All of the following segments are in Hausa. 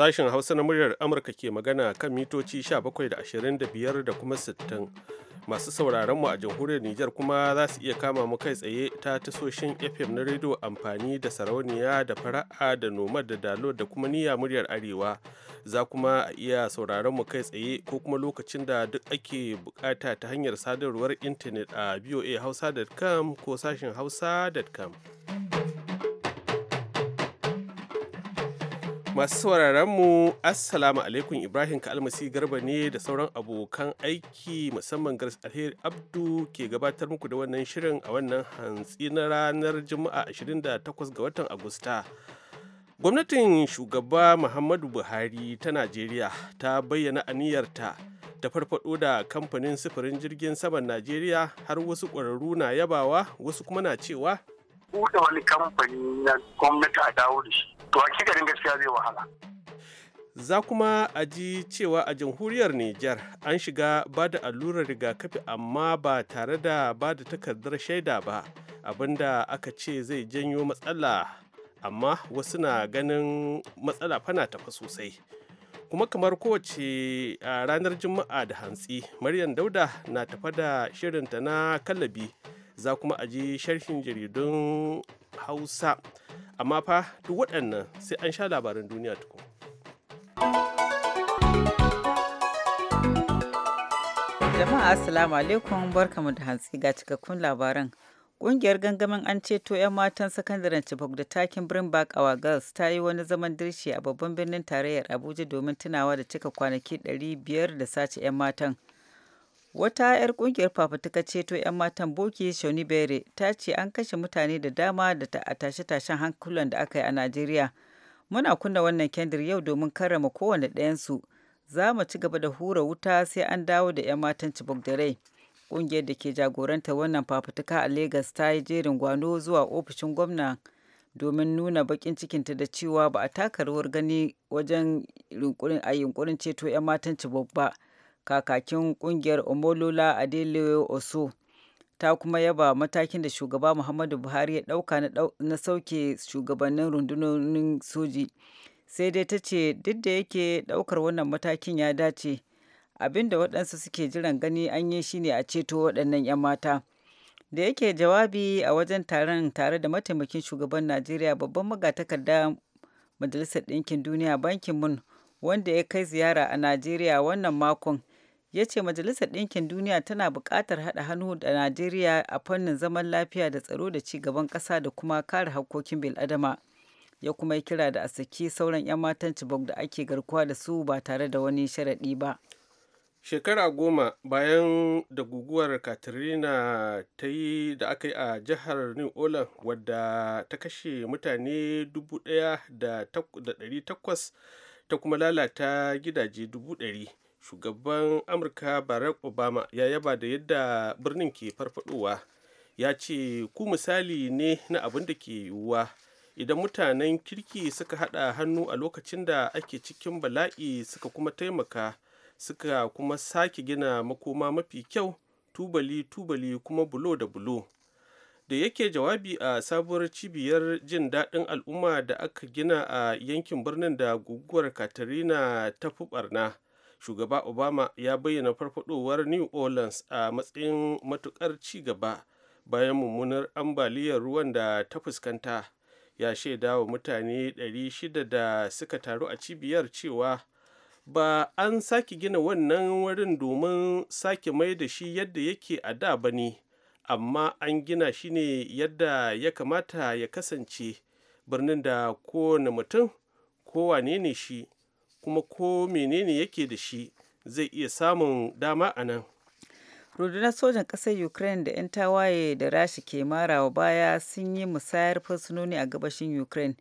Sashen Hausa na muryar Amurka ke magana kan mitoci 17 da 25 da kuma 60. Masu sauraron mu a jamhuriyar Nijar kuma za su iya kama mu kai tsaye ta tasoshin FM na rediyo amfani da sarauniya da fara'a da nomad da dalo da kuma niyya muryar Arewa. Za kuma a iya sauraron mu kai tsaye ko kuma lokacin da duk ake bukata ta hanyar sadarwar intanet a hausa.com ko sashen hausa.com. Masu sauraron mu Assalamu alaikum Ibrahim Kalmasi Garba ne da sauran abokan aiki musamman Gars Alheri Abdu ke gabatar muku da wannan shirin a wannan hantsi na ranar Juma'a 28 ga watan Agusta. Gwamnatin shugaba Muhammadu Buhari ta Najeriya ta bayyana aniyarta ta farfado da kamfanin sufurin jirgin saman Najeriya har wasu ƙwararru na yabawa wasu kuma na cewa buɗe wani kamfani na gwamnati a dawo da shi to hakikanin gaskiya zai wahala za kuma a ji cewa a jamhuriyar Nijar an shiga ba da allurar rigakafi amma ba tare da ba da takardar shaida ba abinda aka ce zai janyo matsala amma wasu na ganin matsala fana tafa sosai kuma kamar kowace ranar juma'a da hantsi maryam dauda na tafa da shirinta na kallabi za kuma a ji sharhin jaridun hausa amma fa duk waɗannan sai an sha labaran duniya tukun. jama'a assalamu alaikum barkamu da hantsi ga cikakkun labaran Ƙungiyar gangamin an ceto 'yan matan sakandaren Chibok da takin Brimbak Awa Girls ta yi wani zaman dirshi a babban birnin tarayyar Abuja domin tunawa da cika kwanaki 500 da sace 'yan matan. Wata 'yar ƙungiyar fafatika ceto 'yan matan Boki bere ta ce an kashe mutane da dama a tashe-tashen hankulan da aka yi a Najeriya. Muna kunna wannan kendir yau domin karrama kowane ɗayansu. Za mu ci gaba da hura wuta sai an dawo da 'yan matan Chibok da rai. Ƙungiyar da ke jagorantar wannan fafutuka a Legas ta yi jerin gwano zuwa ofishin gwamna domin nuna baƙin cikinta da cewa ba a taka rawar gani wajen a yunkurin ceto 'yan matan Chibok ba. kakakin kungiyar omolola adelewe oso ta kuma yaba matakin da shugaba muhammadu buhari ya dauka na sauke shugabannin rundunonin soji sai dai ta ce duk da yake daukar wannan matakin ya dace abinda waɗansu suke jiran gani an yi shine a ceto waɗannan 'yan mata da yake jawabi a wajen taron tare da mataimakin shugaban najeriya babban magatakarda majalisar ɗinkin duniya bankin mun wanda ya kai ziyara a najeriya wannan makon ya ce majalisar ɗinkin duniya tana buƙatar haɗa hannu da najeriya a fannin zaman lafiya da tsaro da ci gaban ƙasa da kuma kare hakkokin bil'adama ya kuma yi kira da a saki sauran 'yan matan cibok da ake garkuwa da su ba tare da wani sharaɗi ba shekara goma bayan da guguwar katrina ta yi da aka yi a jihar new orleans wadda ta kashe mutane da 1,800 ta kuma lalata gidaje 100. shugaban amurka barack obama ya yaba da yadda birnin ke farfaɗowa ya ce ku misali ne na abin da ke yiwuwa idan mutanen kirki suka haɗa hannu a lokacin da ake cikin bala'i suka kuma taimaka suka kuma sake gina makoma mafi kyau tubali tubali kuma bulo da bulo da yake jawabi a sabuwar cibiyar jin daɗin al'umma da aka gina a yankin birnin da guguwar katarina ta fi barna shugaba obama ya bayyana farfadowar new orleans a matsayin matukar ci gaba bayan mummunar ambaliyar ruwan da ta fuskanta ya shaida wa mutane 600 da suka taru a cibiyar cewa ba an sake gina wannan wurin domin sake mai da shi yadda yake a da ba ne amma an gina shi ne yadda ya kamata ya kasance birnin da kowane mutum kowane ne shi kuma ko menene yake da shi zai iya samun dama a nan rundunar sojan ƙasar ukraine da 'yan tawaye da rashi ke marawa baya sun yi musayar fursunoni a gabashin ukraine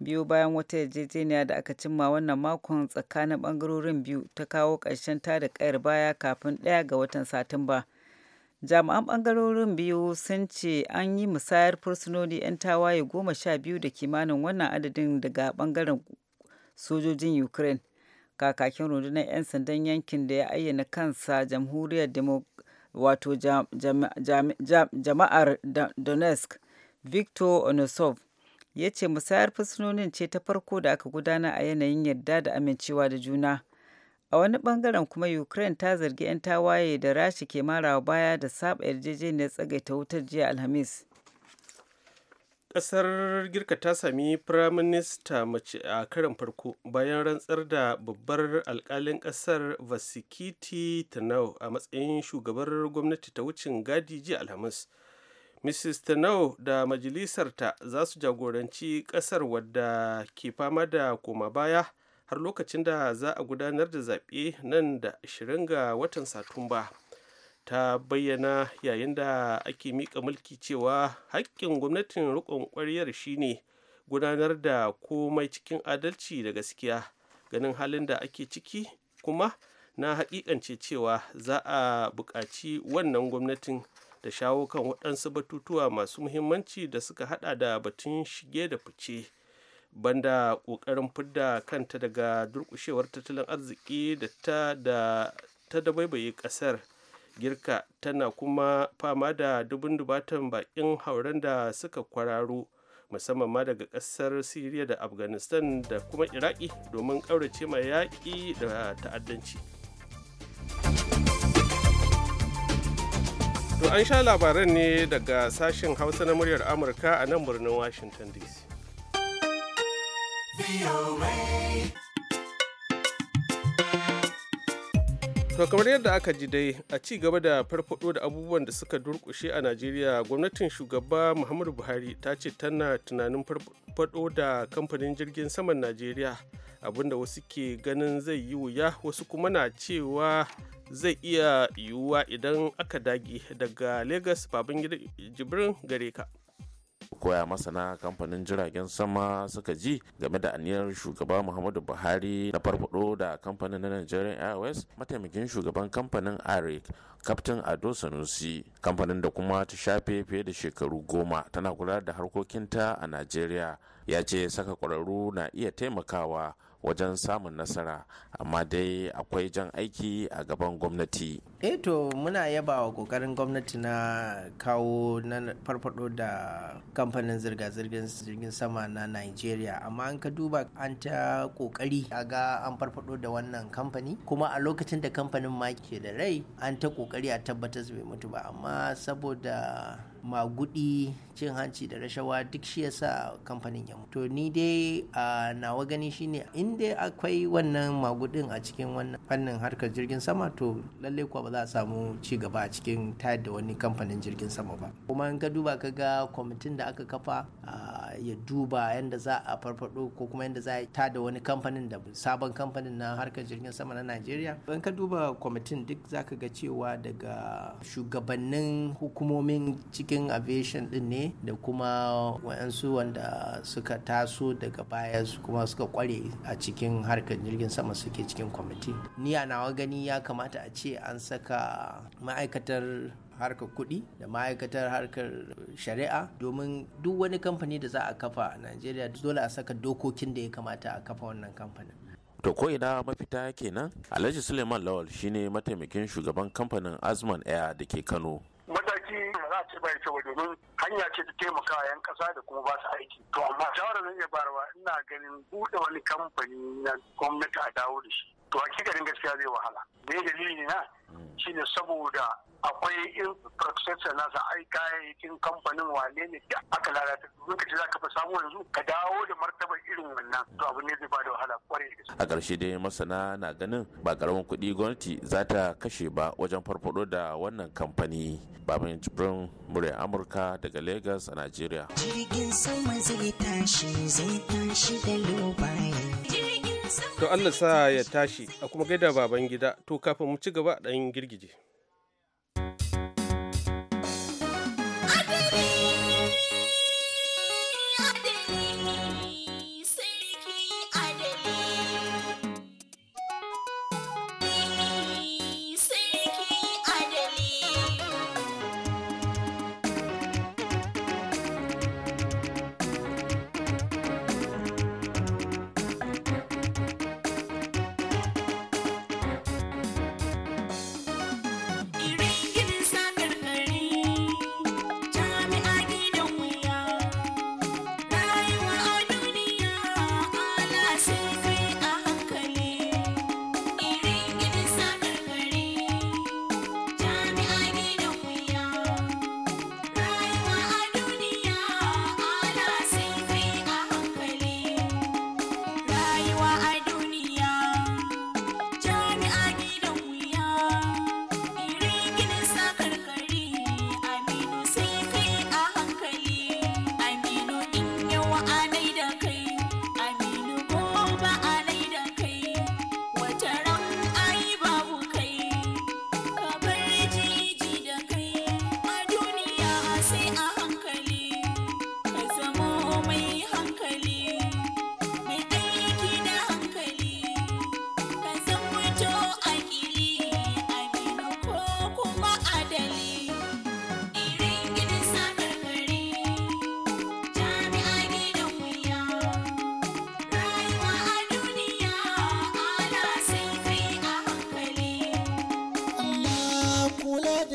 biyu bayan wata yarjejeniya da aka cimma wannan makon tsakanin bangarorin biyu ta kawo ƙarshen tada ƙayar baya kafin ɗaya ga watan satumba jami'an bangarorin biyu sun ce an yi musayar fursunoni 'yan tawaye goma sha biyu da kimanin wannan adadin daga bangaren sojojin ukraine kakakin rundunar 'yan sandan yankin da ya ayyana kansa jamhuriyar wato jama'ar donetsk victor onosov ya ce musayar fursunonin ce ta farko da aka gudana a yanayin yarda da amincewa da juna a wani bangaren kuma ukraine ta zargi 'yan tawaye da rashi ke marawa baya da saba yarjejeniyar tsagaita wutar jiya alhamis kasar girka ta sami firaminista mace a karin farko bayan rantsar da babbar alkalin kasar vasikiti tanau a matsayin shugabar gwamnati ta wucin gadi jiya alhamis mrs tanau da majalisarta za su jagoranci kasar wadda ke fama da koma baya har lokacin da za a gudanar da zaɓe nan da 20 ga watan satumba. ta bayyana yayin da ake mika mulki cewa haƙƙin gwamnatin riƙon ƙwaryar shine gudanar da komai cikin adalci da gaskiya ganin halin da ake ciki kuma na haƙiƙance cewa za a buƙaci wannan gwamnatin da shawo kan waɗansu batutuwa masu muhimmanci da suka haɗa da batun shige da fice banda ƙoƙarin fidda kanta daga durƙushewar tattalin arziki da ta da ta baibaye ƙasar girka tana kuma fama da dubun dubatan bakin hauren da suka kwararo musamman ma daga kasar siriya da afghanistan da kuma iraki domin ƙaurace ma yaƙi da ta'addanci to an sha labaran ne daga sashen hausa na muryar amurka a nan birnin washington dc To kamar yadda aka ji dai a ci gaba da farfado da abubuwan da suka durkushe a Najeriya gwamnatin shugaba Muhammadu Buhari ta ce tana tunanin farfado da kamfanin jirgin saman Najeriya abinda wasu ke ganin zai yi wuya wasu kuma na cewa zai iya yiwuwa idan aka dage daga Lagos Babangida Jibrin gare ka. koya masana kamfanin jiragen sama suka ji game da aniyar shugaba muhammadu buhari na farfado da kamfanin na nigerian airways mataimakin shugaban kamfanin arik kaftin ado sanusi kamfanin da kuma ta shafe fiye da shekaru goma tana kula da harkokinta a nigeria ya ce saka kwararru na iya taimakawa wajen samun nasara amma dai akwai jan aiki a gaban gwamnati eto eh muna yaba wa kokarin gwamnati na kawo na farfado da kamfanin zirga-zirgin jirgin sama na nigeria amma an ka duba an ta kokari a ga an farfado da wannan kamfani kuma a lokacin da kamfanin ma ke da rai an ta kokari a tabbatar bai mutu ba amma saboda magudi cin hanci da rashawa duk shi yasa kamfanin ya mutu ni dai nawa gani shine in akwai wannan magudi kuɗin a cikin wannan fannin harkar jirgin sama to lalle kuwa ba za a samu ci gaba a cikin tayar da wani kamfanin jirgin sama ba kuma in ka duba ka ga kwamitin da aka kafa ya duba yadda za a farfado ko kuma yadda za a da wani kamfanin da sabon kamfanin na harkar jirgin sama na najeriya in ka duba kwamitin duk za ka ga cewa daga shugabannin hukumomin cikin aviation din ne da kuma wa'yansu wanda suka taso daga baya kuma suka kware a cikin harkar jirgin sama suke ke cikin kwamiti ni a nawa gani ya kamata a ce an saka ma'aikatar harkar kuɗi da ma'aikatar harkar shari'a domin duk wani kamfani da za a kafa a najeriya dole a saka dokokin da ya kamata a kafa wannan kamfanin to ko ina mafita kenan alhaji suleiman lawal shine mataimakin shugaban kamfanin azman air da ke kano gwamnati ba za a ce bai kyau domin hanya ce ta taimaka yan kasa da kuma ba su aiki to amma shawara zan iya barawa ina ganin buɗe wani kamfani na gwamnati a dawo da shi to hakikanin gaskiya zai wahala me dalili na hmm. shine saboda akwai in infrastructure nasa ai kayayyakin kamfanin wane ne da aka lalata lokaci za ka fi samu yanzu ka dawo da martabar irin wannan to abu ne zai bada wahala kwarai da a ƙarshe dai masana na ganin ba karamin kuɗi gwamnati za ta kashe ba wajen farfaɗo da wannan kamfani baban jibrin murya amurka daga lagos a Najeriya. jirgin sama zai tashi zai tashi da lobayin to Allah sa ya tashi a kuma gaida baban gida to kafin mu ci gaba ɗan girgije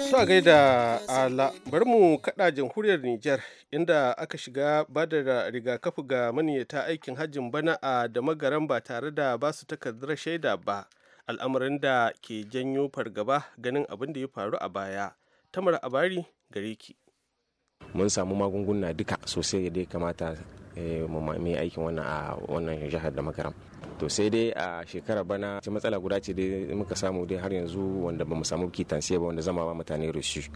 Sa gaida ala bari mu kada jamhuriyar Nijar inda aka shiga bada rigakafi ga maniyyata aikin hajjin bana a da magaran ba tare da ba su takardar shaida ba al'amarin da ke janyo fargaba ganin abin da ya faru a baya. Tamar Abari gare ki. Mun samu magunguna duka sosai da ya kamata eh, mai aikin wannan a wannan jihar da makaram to sai dai a shekara bana ce matsala guda ce dai muka samu dai har yanzu wanda ba mu samu kitansiya ba wanda zama ba mutane rushi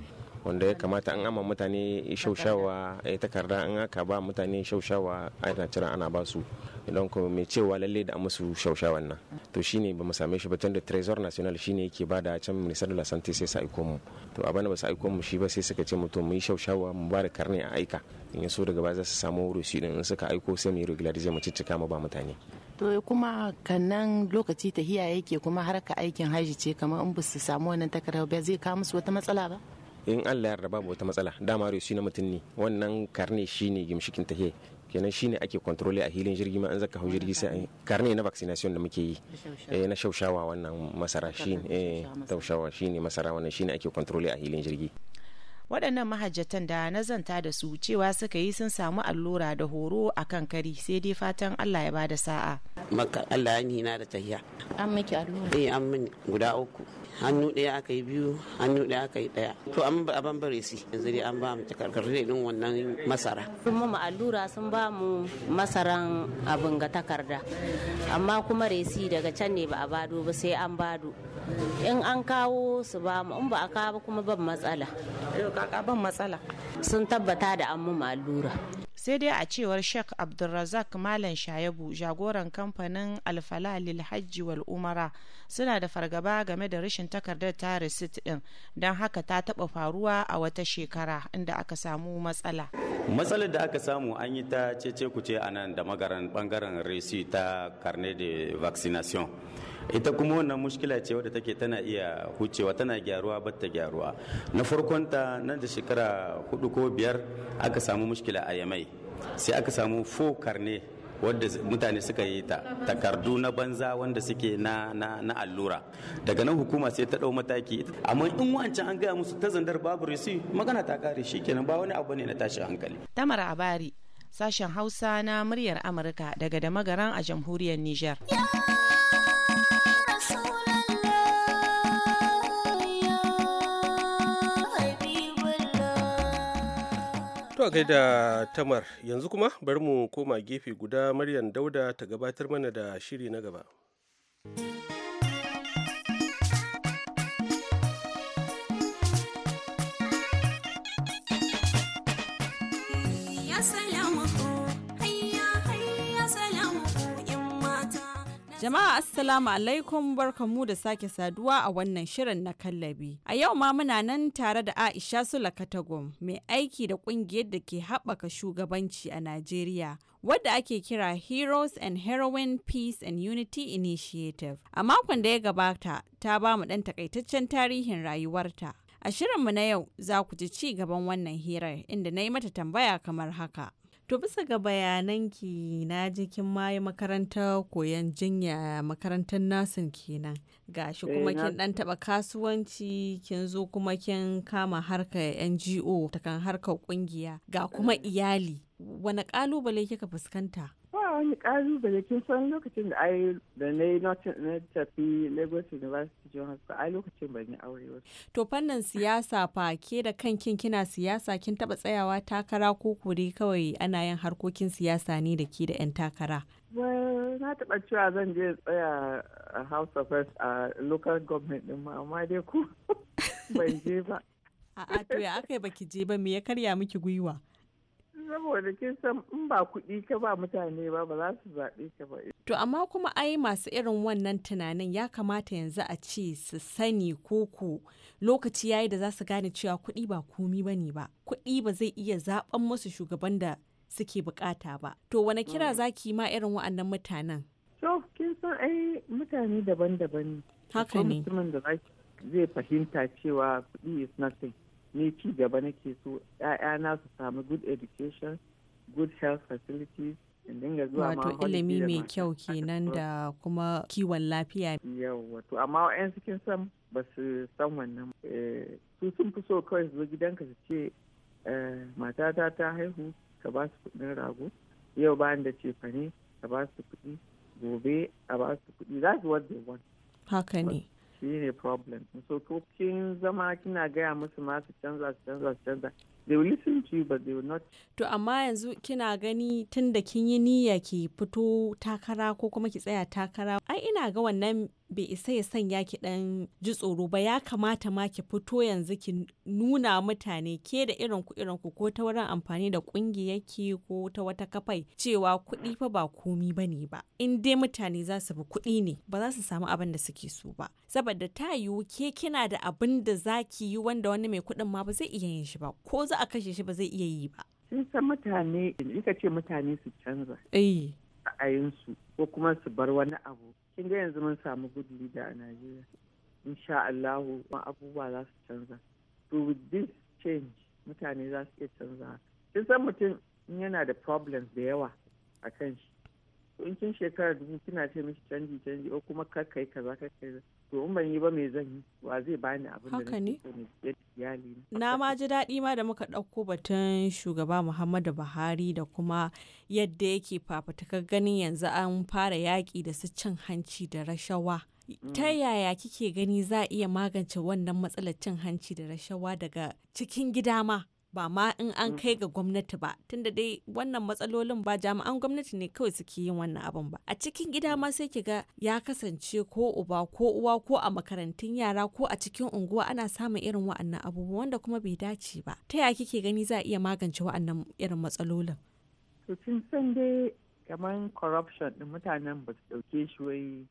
wanda ya kamata an ama mutane shaushawa ya eh, takarda an aka ba mutane shaushawa yana cira ana ba su don kuma mai cewa lalle da musu shaushawan nan to shine ba mu same shi ba tun da trésor national shine yake ba da can minister de la santé sai sa aiko mu to bana ba sa aiko mu shi ba sai suka ce mu to mu yi shaushawa mu ba da karne a aika in so daga baya za su samu rusi din in suka aiko sai mu yi regularize mu ciccika mu ba mutane to kuma kannan lokaci tahiya yake kuma harka aikin haji ce kamar in su samu wannan takardar ba zai kawo musu wata matsala ba in Allah ya raba wata matsala dama shi na mutum ne wannan karne shine gimshikin tahiya kenan shine ake kontrole a hilin jirgi ma an zaka hau jirgi sai karne na vaccination da muke yi eh na shaushawa wannan masara shine eh taushawa shine masara wannan shine ake kontrole a hilin jirgi waɗannan mahajjatan da na zanta da su cewa suka yi sun samu allura da horo a kan kari sai dai fatan Allah ya bada sa'a maka Allah ya nina da tahiya an miki allura eh an mini guda uku hannu ɗaya aka yi biyu hannu ɗaya aka yi ɗaya to an ba ban bare si yanzu dai an ba mu takarkar din wannan masara sun mu allura sun ba mu masaran abin ga takarda amma kuma resi daga can ne ba a bado ba sai an bado in an kawo su ba mu in ba a kawo kuma ban matsala eh, ban matsala sun tabbata da an mu allura sai dai a cewar sheikh abdulrazak malam shayabu jagoran kamfanin alfala lilhaji hajji wal umara suna da fargaba game da rashin takardar ta receipt din don haka ta taba faruwa a wata shekara inda aka samu matsala matsalar da aka samu an yi ta cece kuce a nan da magaran bangaren receipt ta karne de vaccination ita kuma wannan mushkila ce wadda take tana iya hucewa tana gyaruwa ba ta gyaruwa na farkon ta nan da shekara hudu ko biyar aka samu mushkila a yamai sai aka samu fokar ne wadda mutane suka yi ta takardu na banza wanda suke na, na, allura daga nan hukuma sai ta dau mataki amma in wancan an gaya musu ta zandar babu resi magana ta kare shi kenan ba wani abu ne na tashi hankali tamara abari sashen hausa na muryar amurka daga da a jamhuriyar niger To gaida tamar yanzu kuma bari mu koma gefe guda Maryam Dauda ta gabatar mana da shiri na gaba. Jama'a Assalamu alaikum barkamu da sake saduwa a wannan shirin na kallabi. A yau ma muna nan tare da Aisha Sula Katagum mai aiki da kungiyar da ke haɓaka shugabanci a Najeriya. Wadda ake kira Heroes and Heroin Peace and Unity Initiative. A makon da ya gabata ta ba mu ɗan takaitaccen tarihin rayuwarta. A shirinmu na yau za ku ji ci gaban wannan hirar inda na yi mata tambaya kamar haka. To bisa ga ki na jikin maye makaranta koyan jinya makarantar nasin kenan. Gashi kuma eh, kin dan taba kasuwanci kin zo kuma kin kama harka NGO kan harkar kungiya ga kuma eh. iyali. Wane kalubale kika fuskanta? wani kalubale kin san lokacin da ai da na yi na tafi Lagos University John Hasko ai lokacin ban yi aure wasu. To fannin siyasa fa ke da kan kin kina siyasa kin taba tsayawa takara ko kuri kawai ana yin harkokin siyasa ne da ke da 'yan takara. na taɓa cewa zan je tsaya a House of Reps a local government ɗin ma amma dai ku ban je ba. A'a to ya aka yi baki je ba me ya karya miki gwiwa? saboda kin san in ba kuɗi ka ba mutane ba ba za su zaɓe ka ba. To amma kuma ai masu irin wannan tunanin ya kamata yanzu a ce su sani ko ku lokaci yayi da za su gane cewa kuɗi ba komi ba ne ba. Kuɗi ba zai iya zaɓen musu shugaban da suke bukata ba. To wane kira mm. za ki ma irin wa'annan mutanen? To kin san ai mutane daban-daban ne. Haka ne. zai fahimta cewa kuɗi is nothing. ni ci gaba nake so ‘ya'yana su samu good education good health facilities dinga zuwa wato ilimi mai kyau kenan da kuma kiwon lafiya yau wato amma wa'yan cikin san ba su san wannan eh, su sun fi so kawai su gidan gidanka su ce eh, matata ta haihu ka ba su kudin rago yau bayan da cefane ka ba su kudi gobe a ba su kudi za su wadda wani haka ne shi ne problem so ko kin zama kina gaya musu ma su canza su canza su canza they will listen to you but they will not to amma yanzu kina gani tun da kin yi niyya ki fito takara ko kuma ki tsaya takara ai ina ga wannan bai isa ya sanya ki dan ji tsoro ba ya kamata ma ki fito yanzu ki nuna mutane ke da irin ku irin ku ko ta wurin amfani da kungiyarki ko ta wata kafai cewa kuɗi fa ba komi ba ne ba in dai mutane za su bi kuɗi ne ba za su samu abin da suke so ba saboda ta yiwu ke kina da abin da za ki yi wanda wani mai kuɗin ma ba zai iya yin shi ba ko za a kashe shi ba zai iya yi ba. sun san mutane, in ka ce mutane su canza. Eh. Ra'ayinsu ko kuma su bar wani abu. kin ga yanzu mun samu good leader a Najeriya insha Allahu abubuwa za su canza to with this change mutane za su iya canza kin san mutum in yana da problems da yawa a kan shi in kin shekara dubu kina ce mishi canji canji ko kuma kai kaza kaza. to in ban yi ba me zan yi wa zai bani abin da nake ne na ma ji daɗi ma da muka ɗauko batun shugaba Muhammadu Buhari da kuma yadda yake fafutukar ganin yanzu an fara yaƙi da su cin hanci da rashawa ta mm. yaya kike gani za a iya magance wannan matsalar cin hanci da rashawa daga cikin gida ma ba ma in an kai ga gwamnati ba tunda dai wannan matsalolin ba jami'an gwamnati ne kawai suke yin wannan abin ba a cikin gida ma sai ki ga ya kasance ko uba ko uwa ko a makarantun yara ko a cikin unguwa ana samun irin wa'annan abubuwan wanda kuma bai dace ba ta ya kike gani za a iya magance wa'annan irin matsalolin to san dai kamar corruption din mutanen ba su dauke shi wai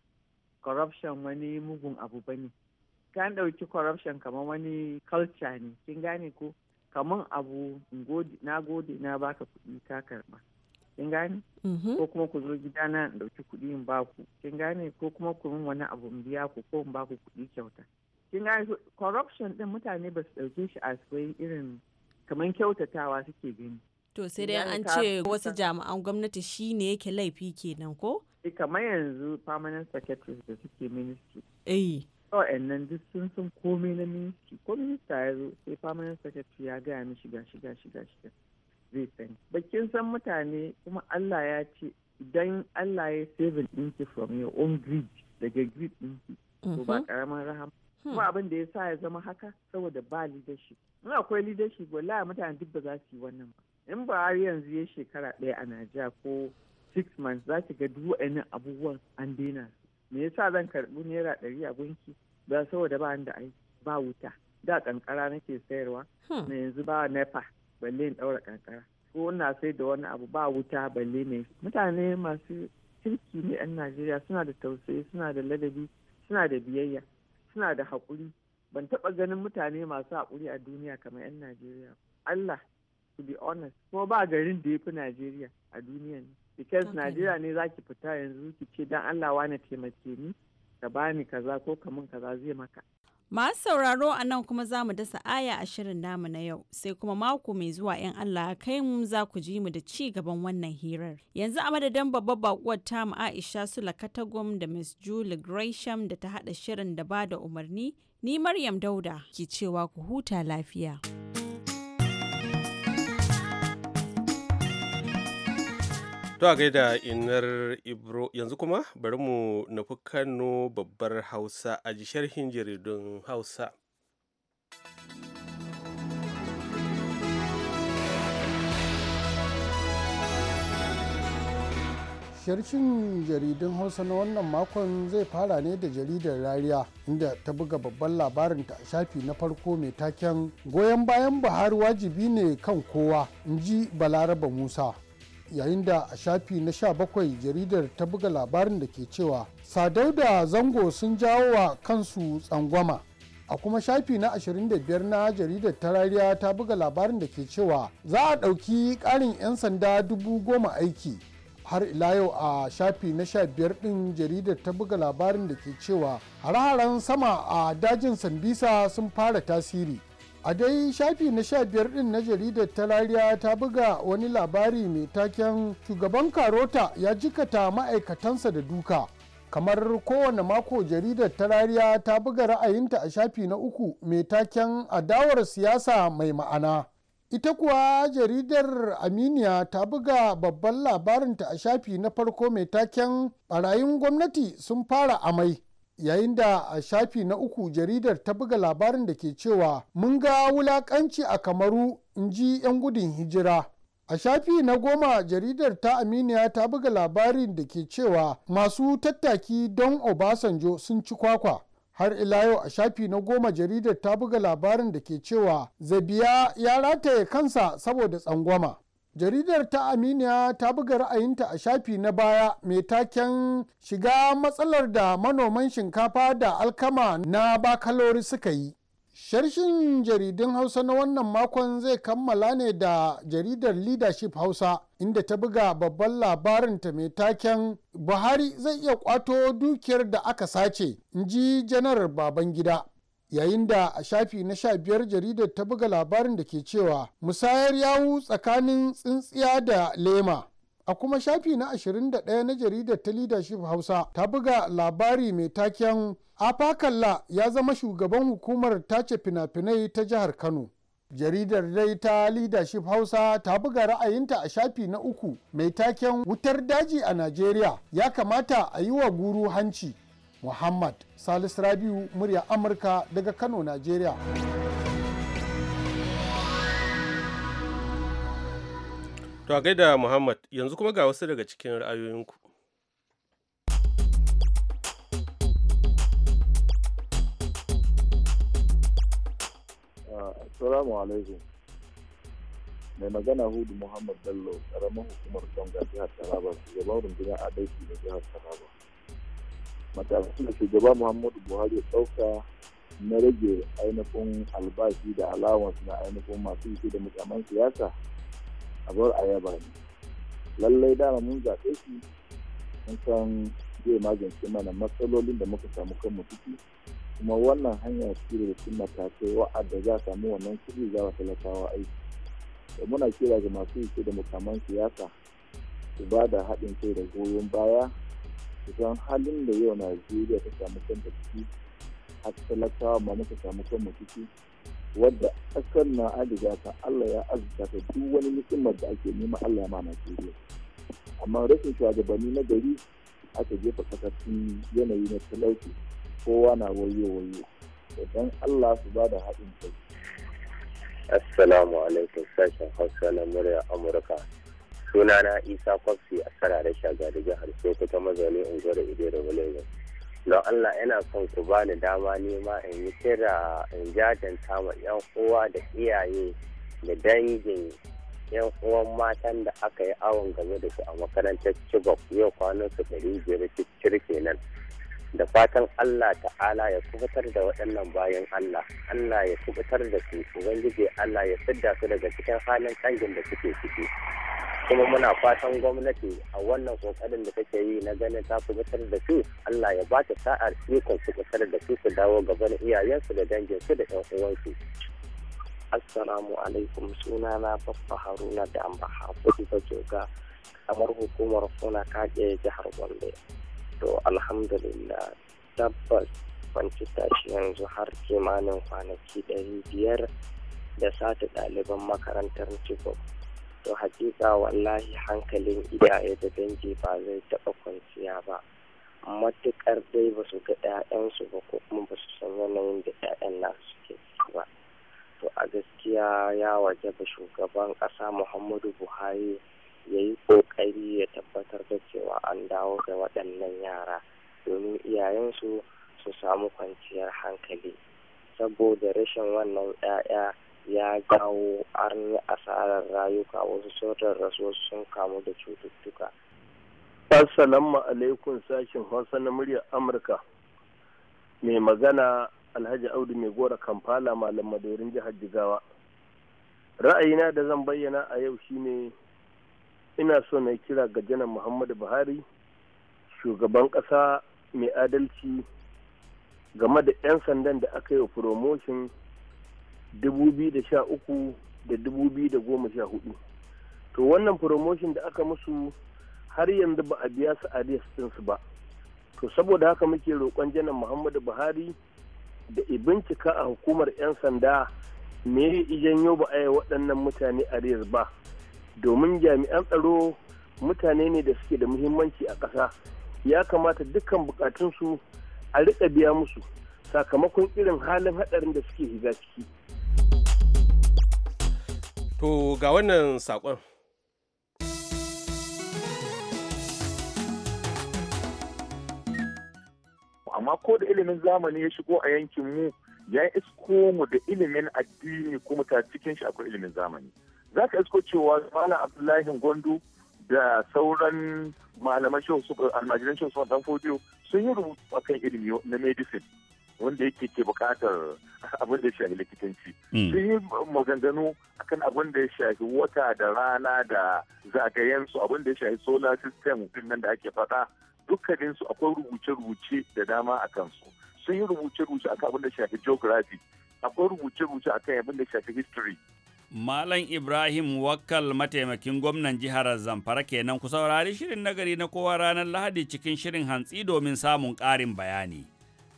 corruption wani mugun abu bane kan dauki corruption kamar wani culture ne kin gane ko kamun abu na gode na baka kuɗi ta karba kin gane mhm. ko kuma ku zo gidana in ɗauki kuɗi in ba ku kin gane ko kuma ku min wani abu in biya ku ko in baku kuɗi kyauta kin gane corruption din mutane ba su ɗauke shi a soyin irin kamar kyautatawa suke gani to sai dai an ce wasu jami'an gwamnati shi ne yake laifi kenan ko eh, kamar yanzu permanent secretary da suke ministry eh. nan duk sun sun komai na ministry ko minista ya zo sai permanent secretary ya gaya mishi gashi gashi gashi zai sani bakin san mutane kuma Allah ya ce idan Allah ya seven inci from your own grid daga grid inci. to ba karamin mm-hmm. raham hmm. kuma abin da ya sa ya zama haka saboda ba leadership in akwai leadership wallahi mutane duk ba za su yi wannan ba in ba har yanzu ya shekara ɗaya a Najeriya ko six months za ga duk wa'annan abubuwan an daina me yasa zan karbi naira ɗari a gunki ba saboda ba da aiki ba wuta da kankara nake sayarwa na hmm. yanzu ba nepa balle in ɗaura kankara ko ina sai da wani abu ba wuta balle ne mutane masu kirki ne 'yan najeriya suna da tausayi suna da ladabi suna da biyayya suna da haƙuri ban taɓa ganin mutane masu haƙuri a duniya kamar 'yan najeriya allah to be honest kuma ba garin da ya fi najeriya a duniya ne because Najeriya ne zaki fita yanzu ki ce dan Allah wani taimake ni ka bani kaza ko ka mun kaza zai maka Masu sauraro a nan kuma za mu dasa aya a shirin namu na yau sai kuma mako mai zuwa 'yan Allah kai mu za ku ji mu da ci gaban wannan hirar. Yanzu a madadin babbar bakuwar tamu Aisha Sula Katagum da Miss Julie Gresham da ta haɗa shirin da ba da umarni, ni Maryam Dauda ke cewa ku huta lafiya. To a gaida inar Ibro yanzu kuma bari mu nufi Kano babbar Hausa a ji sharhin jaridun Hausa. Sharcin jaridun Hausa na wannan makon zai fara ne da jaridar Rariya inda ta buga babban labarinta a shafi na farko mai taken goyon bayan Buhari wajibi ne kan kowa, in ji Balaraba Musa. yayin da a shafi na bakwai jaridar ta buga labarin da ke cewa sadau da zango sun jawo wa kansu tsangwama a kuma shafi na 25 na jaridar tarariya ta buga labarin da ke cewa za a ɗauki ƙarin 'yan sanda dubu goma aiki har ila yau a shafi na 15 ɗin jaridar ta buga labarin da ke cewa hare-haren sama a dajin sambisa sun fara tasiri a dai shafi na sha biyar din na jaridar talariya ta buga wani labari mai taken shugaban karota ya jikata ma'aikatansa da duka kamar kowane mako jaridar talariya ta buga ra'ayinta a shafi na uku mai taken adawar siyasa mai ma'ana ita kuwa jaridar aminiya ta buga babban labarinta a shafi na farko mai taken barayin gwamnati sun fara amai yayin da a shafi na uku jaridar ta buga labarin da ke cewa mun ga wulakanci a kamaru in ji 'yan gudun hijira a shafi na goma jaridar ta aminiya ta buga labarin da ke cewa masu tattaki don obasanjo sun ci kwakwa har ila yau a shafi na goma jaridar ta buga labarin da ke cewa zabiya ya rataye kansa saboda tsangwama jaridar ta aminiya ta buga ra'ayinta a shafi na baya mai taken shiga matsalar da manoman shinkafa da alkama na bakalori suka yi sharshin jaridun hausa na wannan makon zai kammala ne da jaridar leadership hausa inda ta buga babban labarin ta mai taken buhari zai iya kwato dukiyar da aka sace in ji janar babangida yayin da a shafi na sha biyar jaridar ta buga labarin da ke cewa musayar yawu tsakanin tsintsiya da lema a kuma shafi na 21 na jaridar ta leadership hausa ta buga labari mai taken afakalla ya zama shugaban hukumar tace fina-finai ta jihar kano jaridar dai ta leadership hausa ta buga ra'ayinta a shafi na uku mai taken wutar daji a najeriya ya kamata a yi wa guru hanci Muhammad salis Rabiu murya Amurka daga Kano, Najeriya. To a gaida Muhammad yanzu kuma ga wasu daga cikin ra'ayoyinku. Assalamu alaikum. Mai magana Hudu Muhammad Bello, ƙaramin hukumar Tonga jihar Taraba, shugaban rundunar Adaici na jihar Taraba. matakan da shugaba muhammadu buhari ya ɗauka na rage ainihin albashi da alawansu na ainihin masu yi da mukaman siyasa a bar a yaba ne lallai dama mun zaɓe shi mun san zai magance mana matsalolin da muka samu kan ciki kuma wannan hanya ce da cikin matakai wa'adda za samu wannan kuɗi za talakawa aiki da muna kira ga masu yi da mukaman siyasa su ba da haɗin kai da goyon baya kusan halin da yau najeriya ta samu kanta ciki har talakawa ma muka samu kanmu ciki wadda ƙasar na adiga ta allah ya azuta ta duk wani ni'imar da ake nema allah ya ma najeriya amma rashin shugabanni na gari aka jefa kasafin yanayi na talauci kowa na wayo wayo don allah su ba da haɗin kai assalamu alaikum sashen hausa na murya amurka suna sunana isa kwafsi a da shaga da jihar ta mazauna unguwar ido da wale-wale don allah yana son ku ba ni dama nema in yi kira in jajanta ma yan uwa da iyaye da dangin yan uwan matan da aka yi awon game da su a makarantar cibok yau kwanan su ɗari biyar cikin kenan da fatan allah ta'ala ya kubutar da waɗannan bayan allah allah ya kubutar da su ubangiji allah ya fidda su daga cikin halin kangin da suke ciki kuma muna fatan gwamnati a wannan kokarin da take yi na ganin ta mutar da su Allah ya ba ta sa'ar ikon mutar da su su dawo gaban iyayensu da dangin su da yan assalamu alaikum suna na babba haruna da amba haƙuri da joga kamar hukumar suna kaɗe jihar gombe to alhamdulillah tabbas kwanci tashi yanzu har kimanin kwanaki ɗari biyar da sata ɗaliban makarantar chibok to hakika wallahi hankalin iyaye da dangi ba zai taɓa kwanciya ba matuƙar dai ba su ga 'ya'yansu ba ko kuma ba su san yanayin da 'ya'yan nasu ke ciki ba to a gaskiya ya wajaba shugaban ƙasa muhammadu buhari ya yi ƙoƙari ya tabbatar da cewa an dawo da waɗannan yara domin iyayensu su samu kwanciyar hankali saboda rashin wannan 'ya'ya ya jawo har asarar rayuka wasu sautar rasuwar sun kamu da cututtuka. Assalamu alaikum sashin Hausa na muryar Amurka. Mai magana Alhaji Audu mai gora Kampala Malam Madorin jihar Jigawa. Ra'ayina da zan bayyana a yau shine ina so na kira ga janar Muhammadu Buhari shugaban ƙasa mai adalci game da 'yan sandan da aka yi promotion 2013 da 2014 to wannan promotion da aka musu har yanzu ba a biya su arias ɗinsu ba to saboda haka muke roƙon janar muhammadu buhari da bincika a hukumar 'yan sanda me ijanyo ba a yi waɗannan mutane arias ba domin jami'an tsaro mutane ne da suke da muhimmanci a ƙasa ya kamata dukkan bukatunsu a riƙa biya musu sakamakon irin halin haɗarin da suke shiga ciki To ga wannan saƙon. Amma ko da ilimin zamani ya shigo a yankin mu ya isko mu da ilimin addini kuma ta cikin shi akwai ilimin zamani. Za ka isko cewa Malam Abdullahi Gondo da sauran malaman shehu almajiran shehu sun yi rubutu a kan ilimi na medicine wanda yake ke bukatar abin da ya shafi likitanci hmm. sun yi maganganu kan abin da ya shafi wata da rana da zagayensu abin da ya shafi solar system din nan da ake faɗa dukkaninsu akwai rubuce-rubuce da dama a kansu sun yi rubuce-rubuce akan abin da ya shafi geography akwai rubuce-rubuce akan abin da ya shafi history Malam Ibrahim Wakkal mataimakin gwamnan jihar Zamfara kenan ku saurari shirin nagari na kowa ranar Lahadi cikin shirin hantsi domin samun ƙarin bayani.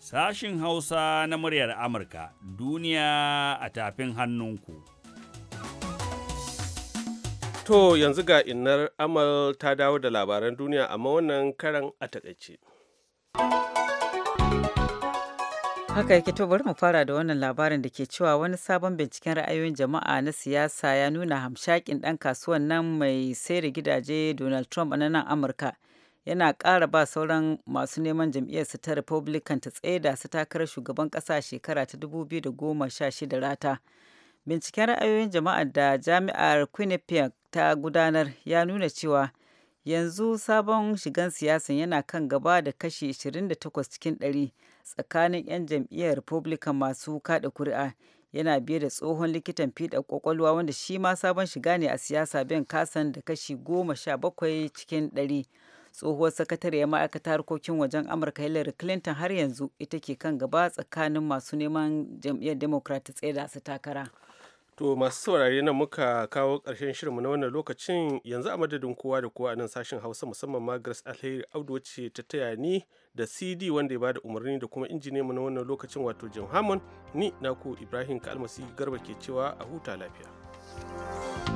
Sashin Hausa na muryar Amurka duniya a tafin hannunku. To yanzu ga innar Amal ta dawo da labaran duniya amma wannan karan a takaice. Haka yake to bari mu fara da wannan labarin da ke cewa wani sabon binciken ra'ayoyin jama'a na siyasa ya nuna hamshakin ɗan kasuwan nan mai sayar da gidaje Donald Trump a nan Amurka. yana ƙara ba sauran masu neman jam'iyyar su ta republican ta tsaida su takarar shugaban ƙasa shekara ta 2016 rata binciken ra'ayoyin jama'a da jami'ar quinnipiac ta gudanar ya nuna cewa yanzu sabon shigan siyasan yana kan gaba da kashi 28 cikin 100 tsakanin 'yan jam'iyyar republican masu kada kuri'a yana biye da tsohon likitan fiɗa kwakwalwa wanda shi ma sabon shiga ne a siyasa ben kasan da kashi 17 cikin 100 tsohuwar sakatariyar ma'aikatar harkokin wajen amurka hillary clinton har yanzu ita ke kan gaba tsakanin masu neman jam'iyyar democrat tsaye da su takara to masu saurare nan muka kawo ƙarshen shirinmu na wannan lokacin yanzu a madadin kowa da kowa a nan sashen hausa musamman ma grace alheri audu wacce ta taya ni da cd wanda ya bada umarni da kuma mu na wannan lokacin wato jim hammond ni naku ibrahim kalmasi garba ke cewa a huta lafiya thank you